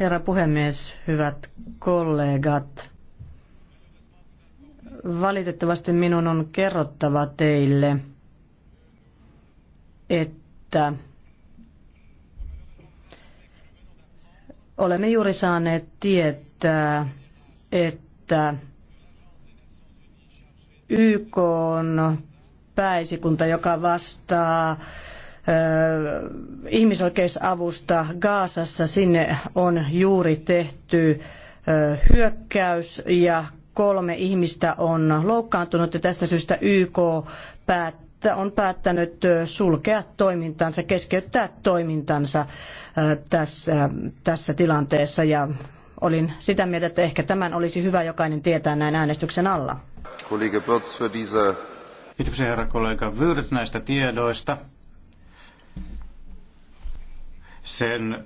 Herra puhemies, hyvät kollegat. Valitettavasti minun on kerrottava teille, että olemme juuri saaneet tietää, että YK on pääesikunta, joka vastaa ihmisoikeusavusta Gaasassa. Sinne on juuri tehty hyökkäys ja kolme ihmistä on loukkaantunut ja tästä syystä YK on päättänyt sulkea toimintansa, keskeyttää toimintansa tässä, tässä tilanteessa ja olin sitä mieltä, että ehkä tämän olisi hyvä jokainen tietää näin äänestyksen alla. Kiitoksia herra kollega Vyrt näistä tiedoista sen